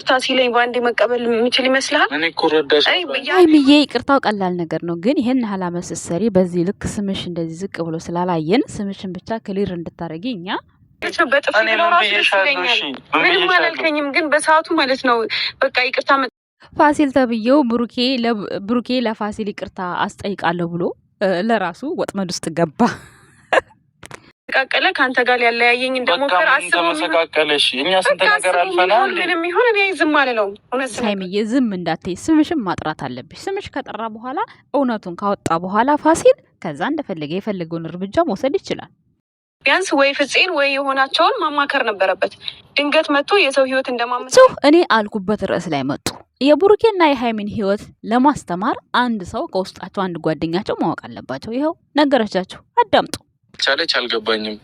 ይቅርታ ሲለኝ በአንዴ መቀበል የሚችል ይመስልሃል? ሀይሚዬ ይቅርታው ቀላል ነገር ነው፣ ግን ይህን ያህል መስሰሪ በዚህ ልክ ስምሽ እንደዚህ ዝቅ ብሎ ስላላየን ስምሽን ብቻ ክሊር እንድታደረጊ እኛ በጥፍ ምንም አላልከኝም፣ ግን በሰዓቱ ማለት ነው በቃ ይቅርታ ፋሲል ተብዬው ብሩኬ ለፋሲል ይቅርታ አስጠይቃለሁ ብሎ ለራሱ ወጥመድ ውስጥ ገባ። ተቃቀለ ከአንተ ጋር ያለያየኝ እንደሞከር አስበመሰቃቀለሽ እኛ ስንት ነገር አልፈናል። ምንም እኔ ዝም አልለውም። ሳይምዬ ዝም እንዳትይ፣ ስምሽም ማጥራት አለብሽ። ስምሽ ከጠራ በኋላ እውነቱን ካወጣ በኋላ ፋሲል ከዛ እንደፈለገ የፈለገውን እርምጃ መውሰድ ይችላል። ቢያንስ ወይ ፍጼን ወይ የሆናቸውን ማማከር ነበረበት። ድንገት መጥቶ የሰው ህይወት እንደማመሰ እኔ አልኩበት ርዕስ ላይ መጡ። የቡሩኬና የሃይሚን ህይወት ለማስተማር አንድ ሰው ከውስጣቸው አንድ ጓደኛቸው ማወቅ አለባቸው። ይኸው ነገረቻቸው። አዳምጡ ቻለች አልገባኝም።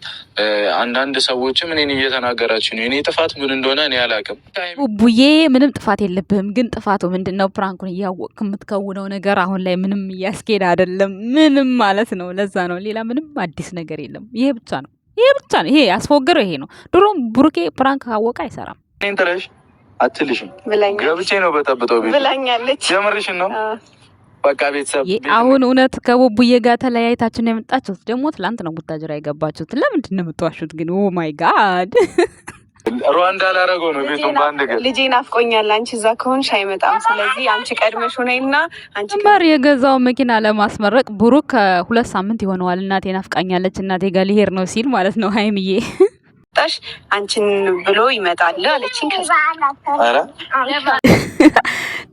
አንዳንድ ሰዎችም እኔን እየተናገራችሁ ነው። እኔ ጥፋት ምን እንደሆነ እኔ አላቅም። ቡቡዬ ምንም ጥፋት የለብህም፣ ግን ጥፋቱ ምንድን ነው? ፕራንኩን እያወቅክ የምትከውነው ነገር አሁን ላይ ምንም እያስኬድ አይደለም። ምንም ማለት ነው። ለዛ ነው፣ ሌላ ምንም አዲስ ነገር የለም። ይሄ ብቻ ነው፣ ይሄ ብቻ ነው። ይሄ ያስፎገረው ይሄ ነው። ድሮም ብሩኬ ፕራንክ ካወቀ አይሰራም። ትለሽ አትልሽም። ገብቼ ነው በጠብጠው ብላኛለች። ጀምርሽን ነው በቃ ቤተሰብ አሁን እውነት ከቡቡዬ ጋር ተለያይታችሁ ነው የመጣችሁት? ደግሞ ትላንት ነው ቡታጅራ የገባችሁት። ለምንድን ነው የምትዋሹት ግን? ኦ ማይ ጋድ ሩዋንዳ ላረገው ነው ቤቱን በአንድ ግን ልጄ ናፍቆኛል። አንቺ እዛ ከሆንሽ አይመጣም። ስለዚህ አንቺ ቀድመሽ ሆነና አንቺ ባር የገዛው መኪና ለማስመረቅ ብሩክ ከሁለት ሳምንት ይሆነዋል። እናቴ ናፍቃኛለች እናቴ ጋር ሊሄድ ነው ሲል ማለት ነው ሀይምዬ መጣሽ አንቺን ብሎ ይመጣል አለችኝ።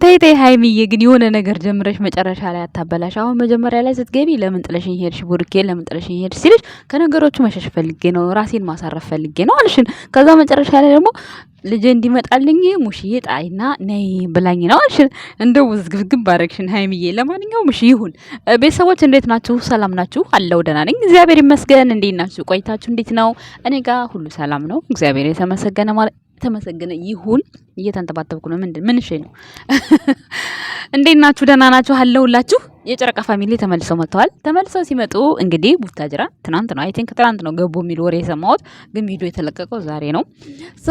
ተይ ተይ ሀይሚዬ ግን የሆነ ነገር ጀምረሽ መጨረሻ ላይ አታበላሽ። አሁን መጀመሪያ ላይ ስትገቢ ለምን ጥለሽኝ ሄድሽ ቡርኬ፣ ለምን ጥለሽኝ ሄድሽ ሲልሽ ከነገሮቹ መሸሽ ፈልጌ ነው ራሴን ማሳረፍ ፈልጌ ነው አልሽን። ከዛ መጨረሻ ላይ ደግሞ ልጄ እንዲመጣልኝ ሙሽዬ ጣይና ነይ ብላኝ ነው አልሽ። እንደው ውዝግብግብ አረግሽን ሀይምዬ። ለማንኛውም ሙሽ ይሁን። ቤተሰቦች እንዴት ናችሁ? ሰላም ናችሁ? አለው ደህና ነኝ እግዚአብሔር ይመስገን። እንዴት ናችሁ? ቆይታችሁ እንዴት ነው? እኔ ጋር ሁሉ ሰላም ነው። እግዚአብሔር የተመሰገነ ማለት የተመሰገነ ይሁን። እየተንጠባጠብኩ ነው። ምንድን ምን ነው። እንዴት ናችሁ? ደህና ናችሁ? አለሁላችሁ። የጨረቃ ፋሚሊ ተመልሰው መጥተዋል። ተመልሰው ሲመጡ እንግዲህ ቡታጅራ ትናንት ነው አይ ቲንክ ትናንት ነው ገቡ የሚል ወሬ የሰማሁት፣ ግን ቪዲዮ የተለቀቀው ዛሬ ነው። ሶ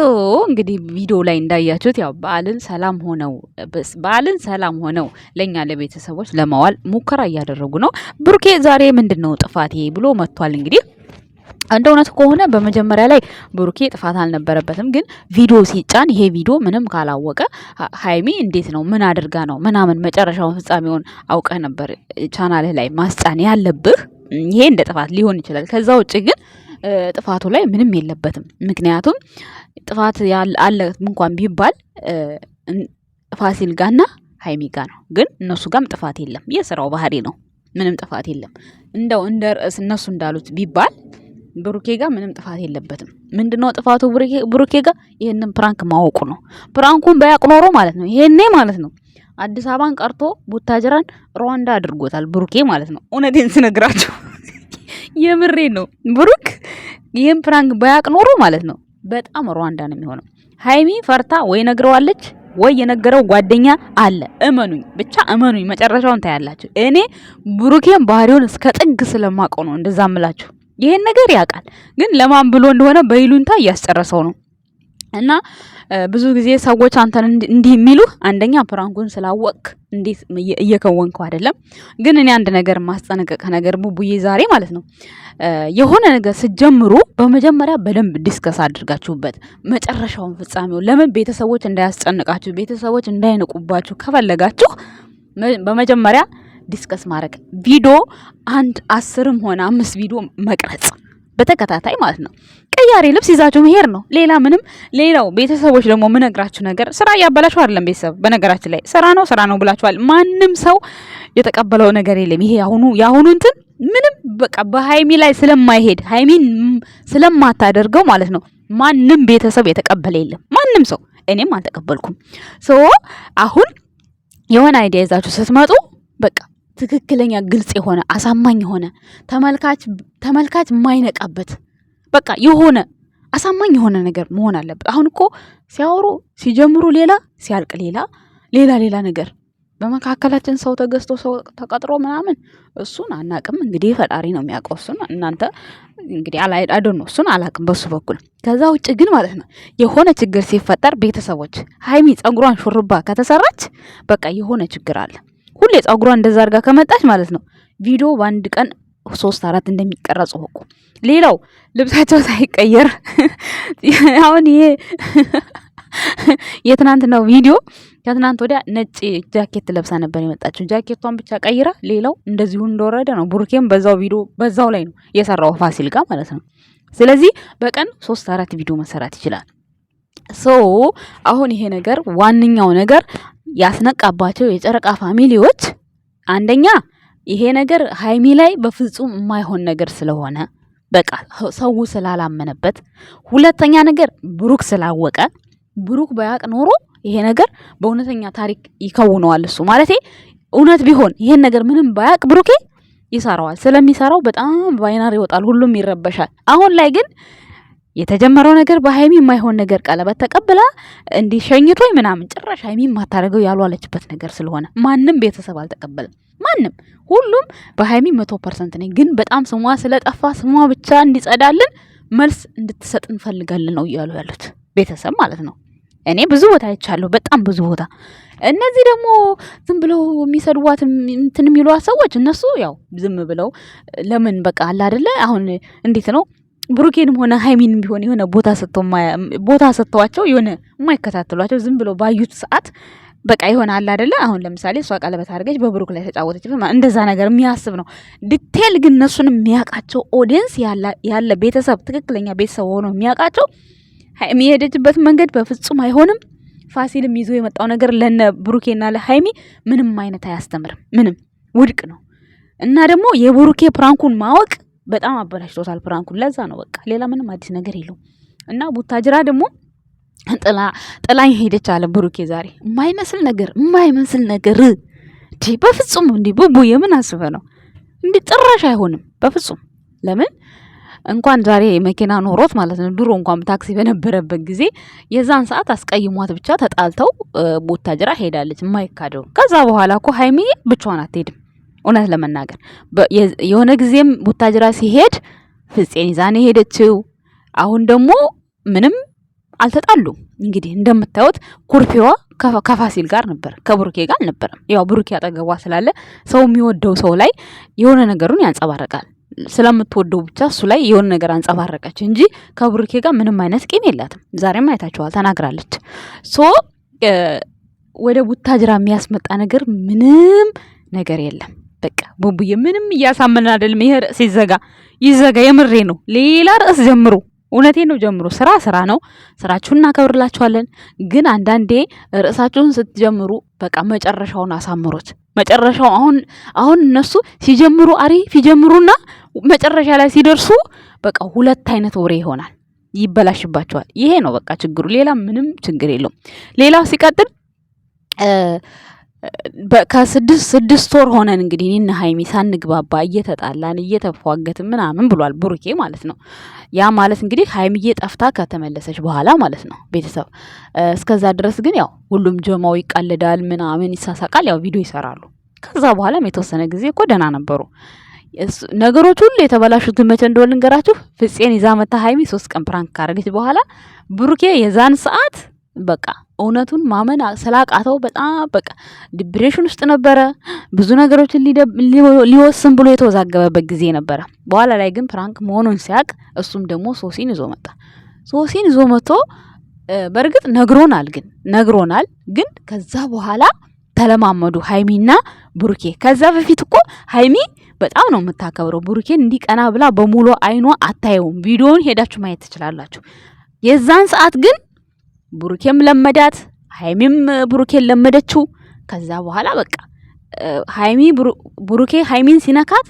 እንግዲህ ቪዲዮ ላይ እንዳያችሁት ያው በዓልን ሰላም ሆነው በዓልን ሰላም ሆነው ለእኛ ለቤተሰቦች ለማዋል ሙከራ እያደረጉ ነው። ብሩኬ ዛሬ ምንድን ነው ጥፋቴ ብሎ መጥቷል እንግዲህ እንደ እውነት ከሆነ በመጀመሪያ ላይ ብሩኬ ጥፋት አልነበረበትም። ግን ቪዲዮ ሲጫን ይሄ ቪዲዮ ምንም ካላወቀ ሀይሚ እንዴት ነው ምን አድርጋ ነው ምናምን መጨረሻውን ፍጻሜውን አውቀህ ነበር ቻናልህ ላይ ማስጫን ያለብህ። ይሄ እንደ ጥፋት ሊሆን ይችላል። ከዛ ውጭ ግን ጥፋቱ ላይ ምንም የለበትም። ምክንያቱም ጥፋት አለ እንኳን ቢባል ፋሲል ጋና ሀይሚ ጋ ነው። ግን እነሱ ጋም ጥፋት የለም። የስራው ባህሪ ነው። ምንም ጥፋት የለም። እንደው እንደ ርዕስ እነሱ እንዳሉት ቢባል ብሩኬ ጋር ምንም ጥፋት የለበትም። ምንድነው ጥፋቱ ብሩኬ ጋር ይሄንን ፕራንክ ማወቁ ነው። ፕራንኩን በያቅ ኖሮ ማለት ነው ይሄኔ ማለት ነው አዲስ አበባን ቀርቶ ቡታጅራን ሩዋንዳ አድርጎታል ብሩኬ ማለት ነው። እውነቴን ስነግራቸው የምሬ ነው። ብሩክ ይህን ፕራንክ በያቅ ኖሮ ማለት ነው በጣም ሩዋንዳ ነው የሚሆነው። ሀይሚ ፈርታ ወይ ነግረዋለች ወይ የነገረው ጓደኛ አለ። እመኑኝ፣ ብቻ እመኑኝ፣ መጨረሻውን ታያላችሁ። እኔ ብሩኬን ባህሪውን እስከ ጥግ ስለማውቀው ነው እንደዛ ምላችሁ። ይሄን ነገር ያውቃል። ግን ለማን ብሎ እንደሆነ በይሉንታ እያስጨረሰው ነው። እና ብዙ ጊዜ ሰዎች አንተን እንዲህ የሚሉ አንደኛ ፕራንኩን ስላወቅክ እንዴት እየከወንከው አይደለም። ግን እኔ አንድ ነገር ማስጠነቀቀ ነገር ቡቡዬ ዛሬ ማለት ነው የሆነ ነገር ስጀምሩ በመጀመሪያ በደንብ ዲስከስ አድርጋችሁበት መጨረሻውን ፍጻሜው ለምን ቤተሰቦች እንዳያስጨንቃችሁ ቤተሰቦች እንዳይንቁባችሁ ከፈለጋችሁ በመጀመሪያ ዲስከስ ማድረግ ቪዲዮ አንድ አስርም ሆነ አምስት ቪዲዮ መቅረጽ በተከታታይ ማለት ነው። ቀያሪ ልብስ ይዛችሁ መሄድ ነው። ሌላ ምንም። ሌላው ቤተሰቦች ደግሞ የምነግራችሁ ነገር ስራ እያበላችሁ አይደለም። ቤተሰብ በነገራችን ላይ ስራ ነው ስራ ነው ብላችኋል። ማንም ሰው የተቀበለው ነገር የለም። ይሄ ያሁኑ ያሁኑ እንትን ምንም በቃ በሀይሚ ላይ ስለማይሄድ ሀይሚን ስለማታደርገው ማለት ነው። ማንም ቤተሰብ የተቀበለ የለም። ማንም ሰው እኔም አልተቀበልኩም። ሶ አሁን የሆነ አይዲያ ይዛችሁ ስትመጡ በቃ ትክክለኛ ግልጽ የሆነ አሳማኝ የሆነ ተመልካች ተመልካች የማይነቃበት በቃ የሆነ አሳማኝ የሆነ ነገር መሆን አለበት። አሁን እኮ ሲያወሩ ሲጀምሩ ሌላ ሲያልቅ ሌላ ሌላ ሌላ ነገር በመካከላችን ሰው ተገዝቶ ሰው ተቀጥሮ ምናምን እሱን አናቅም። እንግዲህ ፈጣሪ ነው የሚያውቀው። እሱን እናንተ እንግዲህ አዶ ነው እሱን አላቅም በሱ በኩል። ከዛ ውጭ ግን ማለት ነው የሆነ ችግር ሲፈጠር ቤተሰቦች ሀይሚ ጸጉሯን ሹርባ ከተሰራች በቃ የሆነ ችግር አለ። ሁሌ ጸጉሯ እንደዛ አድርጋ ከመጣች ማለት ነው ቪዲዮ በአንድ ቀን ሶስት አራት እንደሚቀረጽ ወቁ። ሌላው ልብሳቸው ሳይቀየር አሁን ይሄ የትናንትናው ቪዲዮ ከትናንት ወዲያ ነጭ ጃኬት ለብሳ ነበር የመጣችው። ጃኬቷን ብቻ ቀይራ ሌላው እንደዚሁ እንደወረደ ነው። ቡርኬም በዛው ቪዲዮ በዛው ላይ ነው የሰራው ፋሲል ጋር ማለት ነው። ስለዚህ በቀን ሶስት አራት ቪዲዮ መሰራት ይችላል። ሶ አሁን ይሄ ነገር ዋነኛው ነገር ያስነቃባቸው የጨረቃ ፋሚሊዎች አንደኛ ይሄ ነገር ሀይሚ ላይ በፍጹም የማይሆን ነገር ስለሆነ በቃ ሰው ስላላመነበት፣ ሁለተኛ ነገር ብሩክ ስላወቀ፣ ብሩክ በያቅ ኖሮ ይሄ ነገር በእውነተኛ ታሪክ ይከውነዋል። እሱ ማለት እውነት ቢሆን ይሄን ነገር ምንም ባያቅ ብሩኬ ይሰራዋል። ስለሚሰራው በጣም ባይናር ይወጣል፣ ሁሉም ይረበሻል። አሁን ላይ ግን የተጀመረው ነገር በሀይሚ የማይሆን ነገር ቀለበት ተቀብላ እንዲህ ምናምን ጭራሽ ሀይሚ የማታደርገው ያልዋለችበት ነገር ስለሆነ ማንም ቤተሰብ አልተቀበለም። ማንም ሁሉም በሀይሚ መቶ ፐርሰንት ነኝ፣ ግን በጣም ስሟ ስለጠፋ ስሟ ብቻ እንዲጸዳልን መልስ እንድትሰጥ እንፈልጋለን ነው እያሉ ያሉት ቤተሰብ ማለት ነው። እኔ ብዙ ቦታ አይቻለሁ፣ በጣም ብዙ ቦታ። እነዚህ ደግሞ ዝም ብለው የሚሰድዋት እንትን የሚሏት ሰዎች እነሱ ያው ዝም ብለው ለምን በቃ አለ አይደለ? አሁን እንዴት ነው ብሩኬንም ሆነ ሀይሚን ቢሆን የሆነ ቦታ ሰጥተዋቸው የሆነ የማይከታተሏቸው ዝም ብሎ ባዩት ሰዓት በቃ የሆነ አለ አደለ። አሁን ለምሳሌ እሷ ቀለበት አድርገች በብሩክ ላይ ተጫወተች፣ እንደዛ ነገር የሚያስብ ነው። ዲቴል ግን እነሱን የሚያውቃቸው ኦዲየንስ ያለ ቤተሰብ፣ ትክክለኛ ቤተሰብ ሆኖ የሚያውቃቸው ሀይሚ የሄደችበት መንገድ በፍጹም አይሆንም። ፋሲልም ይዞ የመጣው ነገር ለነ ብሩኬና ለሀይሚ ምንም አይነት አያስተምርም፣ ምንም ውድቅ ነው። እና ደግሞ የብሩኬ ፕራንኩን ማወቅ በጣም አበላሽቶታል ፕራንኩን። ለዛ ነው በቃ ሌላ ምንም አዲስ ነገር የለውም። እና ቡታጅራ ደግሞ ጥላኝ ሄደች አለ ብሩኬ ዛሬ። የማይመስል ነገር የማይመስል ነገር እንዲህ በፍጹም እንዲ ቡቡ የምን አስበ ነው እንዲ? ጭራሽ አይሆንም በፍጹም ለምን እንኳን ዛሬ መኪና ኖሮት ማለት ነው። ድሮ እንኳን ታክሲ በነበረበት ጊዜ የዛን ሰዓት አስቀይሟት ብቻ ተጣልተው ቦታጅራ ሄዳለች፣ የማይካደው ከዛ በኋላ እኮ ሀይሚ ብቻዋን አትሄድም። እውነት ለመናገር የሆነ ጊዜም ቡታጅራ ሲሄድ ፍፄን ነው ሄደችው። አሁን ደግሞ ምንም አልተጣሉ። እንግዲህ እንደምታዩት ኩርፊዋ ከፋሲል ጋር ነበር፣ ከብሩኬ ጋር አልነበረም። ያው ቡርኬ አጠገቧ ስላለ ሰው የሚወደው ሰው ላይ የሆነ ነገሩን ያንጸባርቃል። ስለምትወደው ብቻ እሱ ላይ የሆነ ነገር አንጸባረቀች እንጂ ከብሩኬ ጋር ምንም አይነት ቂም የላትም። ዛሬም አይታችኋል፣ ተናግራለች። ሶ ወደ ቡታጅራ የሚያስመጣ ነገር ምንም ነገር የለም። በቃ ቡቡዬ ምንም እያሳመን አይደለም። ይሄ ርዕስ ይዘጋ ይዘጋ። የምሬ ነው። ሌላ ርዕስ ጀምሩ። እውነቴ ነው። ጀምሩ። ስራ ስራ ነው። ስራችሁን እናከብርላችኋለን። ግን አንዳንዴ ርዕሳችሁን ስትጀምሩ በቃ መጨረሻውን አሳምሩት። መጨረሻው አሁን አሁን እነሱ ሲጀምሩ አሪፍ ይጀምሩና መጨረሻ ላይ ሲደርሱ በቃ ሁለት አይነት ወሬ ይሆናል፣ ይበላሽባቸዋል። ይሄ ነው በቃ ችግሩ። ሌላ ምንም ችግር የለውም። ሌላው ሲቀጥል ከስድስት ስድስት ወር ሆነን እንግዲህ እኔና ሀይሚ ሳንግባባ እየተጣላን እየተፏገትን ምናምን ብሏል ብሩኬ ማለት ነው። ያ ማለት እንግዲህ ሀይሚዬ ጠፍታ ከተመለሰች በኋላ ማለት ነው ቤተሰብ። እስከዛ ድረስ ግን ያው ሁሉም ጀማው ይቃልዳል ምናምን ይሳሳቃል፣ ያው ቪዲዮ ይሰራሉ። ከዛ በኋላም የተወሰነ ጊዜ እኮ ደህና ነበሩ። ነገሮች ሁሉ የተበላሹት መቼ እንደሆነ ልንገራችሁ። ፍፄን ይዛ መታ ሀይሚ ሶስት ቀን ፕራንክ ካረገች በኋላ ብሩኬ የዛን ሰዓት በቃ እውነቱን ማመን ስላቃተው በጣም በቃ ዲፕሬሽን ውስጥ ነበረ። ብዙ ነገሮችን ሊወስን ብሎ የተወዛገበበት ጊዜ ነበረ። በኋላ ላይ ግን ፕራንክ መሆኑን ሲያቅ እሱም ደግሞ ሶሲን ይዞ መጣ። ሶሲን ይዞ መጥቶ በእርግጥ ነግሮናል፣ ግን ነግሮናል። ግን ከዛ በኋላ ተለማመዱ ሀይሚና ብሩኬ። ከዛ በፊት እኮ ሀይሚ በጣም ነው የምታከብረው ብሩኬን፣ እንዲቀና ብላ በሙሉ አይኗ አታየውም። ቪዲዮውን ሄዳችሁ ማየት ትችላላችሁ። የዛን ሰዓት ግን ብሩኬም ለመዳት፣ ሀይሚም ብሩኬን ለመደችው። ከዛ በኋላ በቃ ሀይሚ ብሩኬ ሀይሚን ሲነካት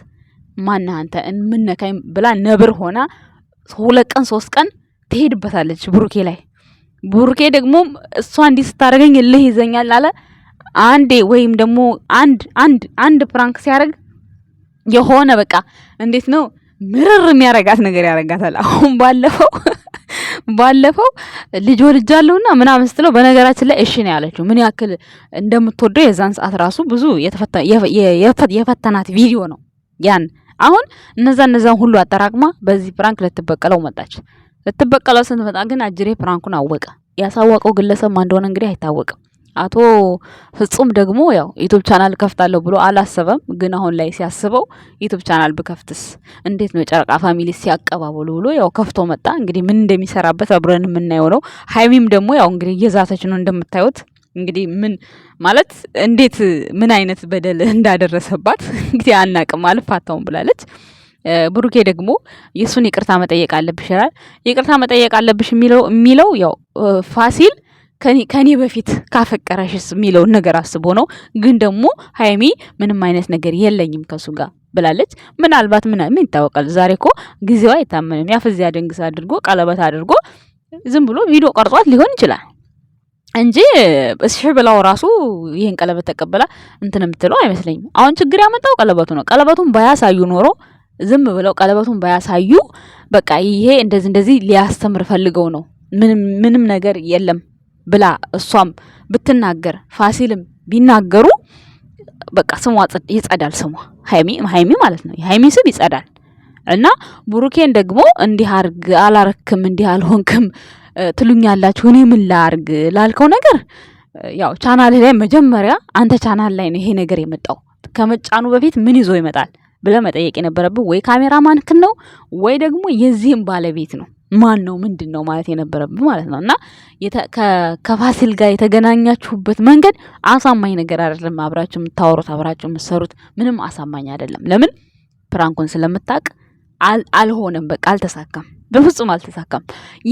ማና አንተ ምነካኝ ብላ ነብር ሆና ሁለት ቀን ሶስት ቀን ትሄድበታለች ብሩኬ ላይ። ብሩኬ ደግሞ እሷ እንዲህ ስታደርገኝ እልህ ይዘኛል አለ አንዴ ወይም ደግሞ አንድ አንድ አንድ ፕራንክ ሲያደርግ የሆነ በቃ እንዴት ነው ምርር የሚያረጋት ነገር ያረጋታል። አሁን ባለፈው ባለፈው ልጅ ወልጃለሁና ምናምን ስትለው በነገራችን ላይ እሺ ነው ያለችው። ምን ያክል እንደምትወደው የዛን ሰዓት ራሱ ብዙ የፈተናት ቪዲዮ ነው ያን። አሁን እነዛ እነዛን ሁሉ አጠራቅማ በዚህ ፕራንክ ልትበቀለው መጣች። ልትበቀለው ስትመጣ ግን አጅሬ ፕራንኩን አወቀ። ያሳወቀው ግለሰብ ማን እንደሆነ እንግዲህ አይታወቅም። አቶ ፍጹም ደግሞ ያው ዩቱብ ቻናል ከፍታለሁ ብሎ አላሰበም። ግን አሁን ላይ ሲያስበው ዩቱብ ቻናል ብከፍትስ እንዴት ነው ጨረቃ ፋሚሊ ሲያቀባበሉ ብሎ ያው ከፍቶ መጣ። እንግዲህ ምን እንደሚሰራበት አብረን የምናየው ነው። ሀይሚም ደግሞ ያው እንግዲህ እየዛተች ነው እንደምታዩት እንግዲህ ምን ማለት እንዴት ምን አይነት በደል እንዳደረሰባት እንግዲህ አናቅም። አልፋታውም ብላለች። ብሩኬ ደግሞ የእሱን ይቅርታ መጠየቅ አለብሽ ይላል። ይቅርታ መጠየቅ አለብሽ የሚለው ያው ፋሲል ከኔ በፊት ካፈቀረሽስ የሚለውን ነገር አስቦ ነው። ግን ደግሞ ሀይሚ ምንም አይነት ነገር የለኝም ከሱ ጋር ብላለች። ምናልባት ምን ይታወቃል? ዛሬ እኮ ጊዜው አይታመንም። ያፈዚ ደንግስ አድርጎ ቀለበት አድርጎ ዝም ብሎ ቪዲዮ ቀርጿት ሊሆን ይችላል እንጂ እሺ ብላው ራሱ ይህን ቀለበት ተቀበላ እንትን የምትለው አይመስለኝም። አሁን ችግር ያመጣው ቀለበቱ ነው። ቀለበቱን ባያሳዩ ኖሮ ዝም ብለው ቀለበቱን ባያሳዩ በቃ ይሄ እንደዚህ እንደዚህ ሊያስተምር ፈልገው ነው። ምንም ነገር የለም ብላ እሷም ብትናገር ፋሲልም ቢናገሩ በቃ ስሟ ይጸዳል። ስሟ ሀይሚ ማለት ነው። የሀይሚ ስም ይጸዳል። እና ቡሩኬን ደግሞ እንዲህ አርግ አላረክም እንዲህ አልሆንክም ትሉኛላችሁ። እኔ ምን ላርግ ላልከው ነገር ያው ቻናል ላይ መጀመሪያ አንተ ቻናል ላይ ነው ይሄ ነገር የመጣው። ከመጫኑ በፊት ምን ይዞ ይመጣል ብለህ መጠየቅ የነበረብን ወይ ካሜራማንክን ነው ወይ ደግሞ የዚህም ባለቤት ነው። ማን ነው ምንድን ነው ማለት የነበረብን ማለት ነው። እና ከፋሲል ጋር የተገናኛችሁበት መንገድ አሳማኝ ነገር አይደለም። አብራችሁ የምታወሩት አብራችሁ የምትሰሩት ምንም አሳማኝ አይደለም። ለምን ፕራንኩን ስለምታቅ አልሆነም። በቃ አልተሳካም፣ በፍጹም አልተሳካም።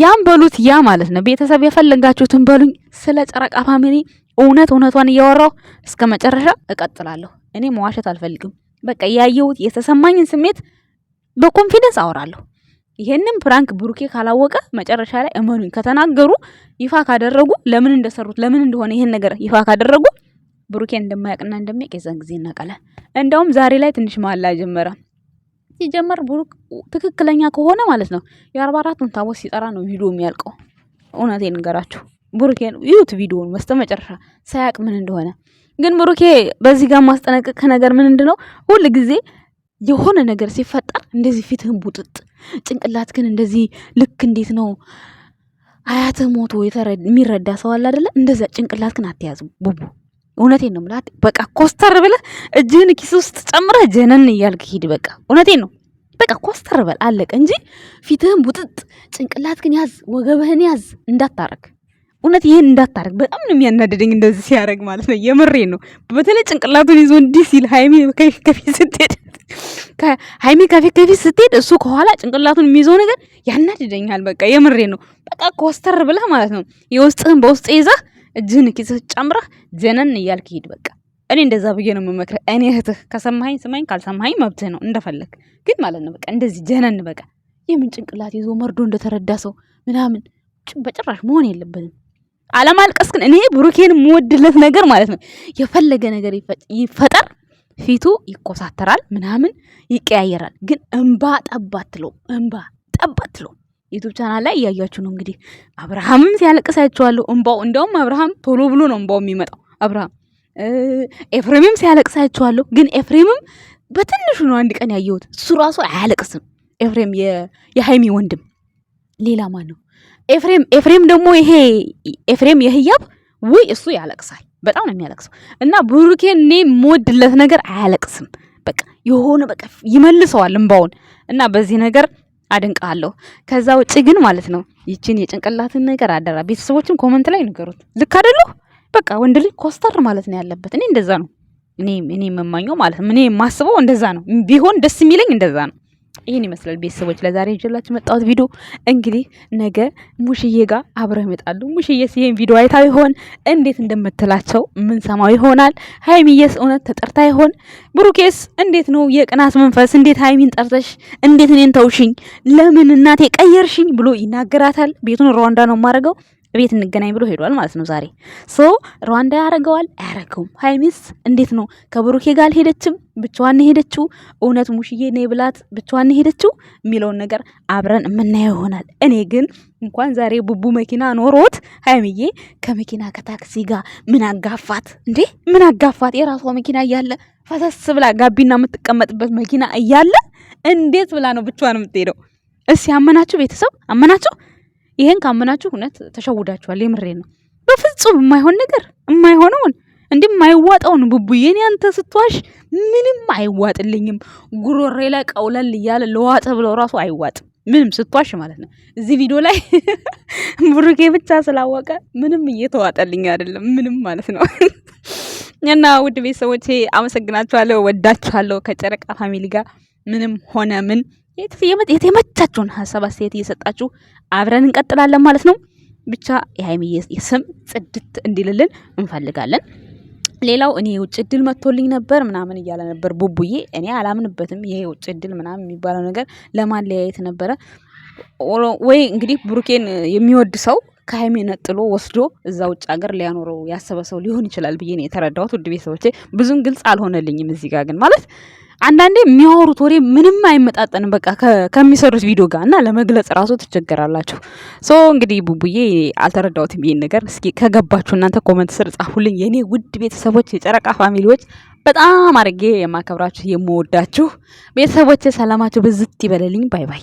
ያም በሉት ያ ማለት ነው። ቤተሰብ የፈለጋችሁትን በሉኝ። ስለ ጨረቃ ፋሚሊ እውነት እውነቷን እያወራሁ እስከ መጨረሻ እቀጥላለሁ። እኔ መዋሸት አልፈልግም። በቃ ያየሁት የተሰማኝን ስሜት በኮንፊደንስ አወራለሁ። ይሄንን ፕራንክ ብሩኬ ካላወቀ መጨረሻ ላይ እመኑኝ ከተናገሩ ይፋ ካደረጉ ለምን እንደሰሩት ለምን እንደሆነ ይሄን ነገር ይፋ ካደረጉ ብሩኬን እንደማያውቅና እንደሚያውቅ የዛን ጊዜ እናውቃለን። እንደውም ዛሬ ላይ ትንሽ ማላ ጀመረ። ሲጀመር ብሩክ ትክክለኛ ከሆነ ማለት ነው የአርባ አራቱን ታቦት ሲጠራ ነው ቪዲዮ የሚያልቀው። እውነቴ ንገራችሁ ብሩኬን ዩት ቪዲዮን መጨረሻ ሳያውቅ ምን እንደሆነ ግን ብሩኬ በዚህ ጋር ማስጠነቀቅ ነገር ምን እንድነው ሁል ጊዜ የሆነ ነገር ሲፈጠር እንደዚህ ፊትህን ቡጥጥ ጭንቅላት ግን እንደዚህ ልክ እንዴት ነው አያተ ሞቶ የሚረዳ ሰው አለ አደለ? እንደዛ ጭንቅላት ግን አትያዝ ቡቡ። እውነቴን ነው የምልህ። በቃ ኮስተር ብለ እጅህን ኪስ ውስጥ ጨምረ ጀነን እያልክ ሂድ። በቃ እውነቴን ነው። በቃ ኮስተር በል አለቀ እንጂ ፊትህን ቡጥጥ፣ ጭንቅላት ግን ያዝ፣ ወገብህን ያዝ እንዳታረግ እውነት ይህን እንዳታደርግ በጣም ነው የሚያናደደኝ፣ እንደዚህ ሲያደርግ ማለት ነው። የምሬ ነው። በተለይ ጭንቅላቱን ይዞ እንዲህ ሲል ሀይሚ ከፊት ከፊት ስትሄድ ሀይሚ ከፊት ከፊት ስትሄድ እሱ ከኋላ ጭንቅላቱን የሚይዘው ነገር ያናድደኛል። በቃ የምሬ ነው። በቃ ኮስተር ብለህ ማለት ነው የውስጥህን በውስጥ ይዘህ እጅህን ኪስ ጨምረህ ዘነን እያልክ ሂድ። በቃ እኔ እንደዛ ብዬ ነው የምመክረህ። እኔ እህትህ ከሰማኸኝ ስማኝ፣ ካልሰማኸኝ መብትህ ነው እንደፈለግ። ግን ማለት ነው በቃ እንደዚህ ጀነን በቃ የምን ጭንቅላት ይዞ መርዶ እንደተረዳ ሰው ምናምን በጭራሽ መሆን የለበትም። አለማልቀስ ግን እኔ ብሩኬን የምወድለት ነገር ማለት ነው የፈለገ ነገር ይፈጠር ፊቱ ይኮሳተራል፣ ምናምን ይቀያየራል። ግን እንባ ጠባትለው እንባ ጠባትለው ዩቱብ ቻናል ላይ እያያችሁ ነው እንግዲህ አብርሃምም ሲያለቅስ አይቼዋለሁ። እንባው እንደውም አብርሃም ቶሎ ብሎ ነው እንባው የሚመጣው። አብርሃም ኤፍሬምም ሲያለቅስ አይቼዋለሁ። ግን ኤፍሬምም በትንሹ ነው አንድ ቀን ያየሁት። እሱ ራሱ አያለቅስም ኤፍሬም የሀይሚ ወንድም። ሌላ ማን ነው ኤፍሬም ኤፍሬም ደግሞ ይሄ ኤፍሬም የህያብ ውይ እሱ ያለቅሳል። በጣም ነው የሚያለቅሰው። እና ብሩኬን እኔ የምወድለት ነገር አያለቅስም። በቃ የሆነ በቃ ይመልሰዋል እምባውን እና በዚህ ነገር አደንቃለሁ። ከዛ ውጭ ግን ማለት ነው ይችን የጭንቅላትን ነገር አደራ ቤተሰቦችን ኮመንት ላይ ንገሩት። ልክ አደሉ? በቃ ወንድ ልጅ ኮስተር ማለት ነው ያለበት። እኔ እንደዛ ነው እኔ እኔ የምማኘው ማለት ነው እኔ የማስበው እንደዛ ነው ቢሆን ደስ የሚለኝ እንደዛ ነው። ይህን ይመስላል ቤተሰቦች፣ ለዛሬ ይዤላችሁ መጣሁት ቪዲዮ። እንግዲህ ነገ ሙሽዬ ጋር አብረው ይመጣሉ። ሙሽዬስ ይህን ቪዲዮ አይታ ይሆን? እንዴት እንደምትላቸው ምን ሰማው ይሆናል? ሀይሚዬስ እውነት ተጠርታ ይሆን? ብሩኬስ እንዴት ነው የቅናት መንፈስ? እንዴት ሀይሚን ጠርተሽ እንዴት እኔን ተውሽኝ? ለምን እናቴ ቀየርሽኝ ብሎ ይናገራታል። ቤቱን ሩዋንዳ ነው የማደርገው። ቤት እንገናኝ ብሎ ሄዷል ማለት ነው። ዛሬ ሶ ሩዋንዳ ያረገዋል አያረገውም? ሀይሚስ እንዴት ነው? ከብሩኬ ጋር አልሄደችም፣ ብቻዋን ሄደችው። እውነት ሙሽዬ ኔ ብላት ብቻዋን ሄደችው የሚለውን ነገር አብረን የምናየው ይሆናል። እኔ ግን እንኳን ዛሬ ቡቡ መኪና ኖሮት ሀይሚዬ ከመኪና ከታክሲ ጋር ምን አጋፋት እንዴ? ምን አጋፋት? የራሷ መኪና እያለ ፈሰስ ብላ ጋቢና የምትቀመጥበት መኪና እያለ እንዴት ብላ ነው ብቻዋን የምትሄደው? እስኪ አመናችሁ ቤተሰብ አመናችሁ? ይሄን ካመናችሁ እውነት ተሸውዳችኋል። የምሬ ነው። በፍጹም የማይሆን ነገር የማይሆነውን እንዲህ የማይዋጣውን ቡቡዬ፣ እኔ ስትዋሽ ምንም አይዋጥልኝም። ጉሮሬ ላይ ቀውለል እያለ ለዋጠ ብለው ራሱ አይዋጥ ምንም ስትዋሽ ማለት ነው። እዚህ ቪዲዮ ላይ ብሩኬ ብቻ ስላወቀ ምንም እየተዋጠልኝ አይደለም፣ ምንም ማለት ነው። እና ውድ ቤተሰቦቼ አመሰግናችኋለሁ፣ ወዳችኋለሁ። ከጨረቃ ፋሚሊ ጋር ምንም ሆነ ምን የተመቻችሁን ሀሳብ አስተያየት እየሰጣችሁ አብረን እንቀጥላለን ማለት ነው። ብቻ የሀይሚዬ ስም ጽድት እንዲልልን እንፈልጋለን። ሌላው እኔ የውጭ እድል መጥቶልኝ ነበር ምናምን እያለ ነበር ቡቡዬ። እኔ አላምንበትም። ይሄ የውጭ እድል ምናምን የሚባለው ነገር ለማለያየት ነበረ ወይ እንግዲህ ብሩኬን የሚወድ ሰው ከሀይሜ ነጥሎ ወስዶ እዛ ውጭ ሀገር ሊያኖረው ያሰበ ሰው ሊሆን ይችላል ብዬ ነው የተረዳሁት። ውድ ቤተሰቦቼ ብዙም ግልጽ አልሆነልኝም እዚህ ጋር ግን ማለት አንዳንዴ የሚያወሩት ወሬ ምንም አይመጣጠንም በቃ ከሚሰሩት ቪዲዮ ጋር እና ለመግለጽ ራሱ ትቸገራላችሁ። ሶ እንግዲህ ቡቡዬ አልተረዳሁትም ይህን ነገር። እስኪ ከገባችሁ እናንተ ኮመንት ስር ጻፉልኝ። የእኔ ውድ ቤተሰቦች፣ የጨረቃ ፋሚሊዎች በጣም አድርጌ የማከብራችሁ የምወዳችሁ ቤተሰቦች፣ ሰላማችሁ ብዝት ይበለልኝ። ባይ ባይ።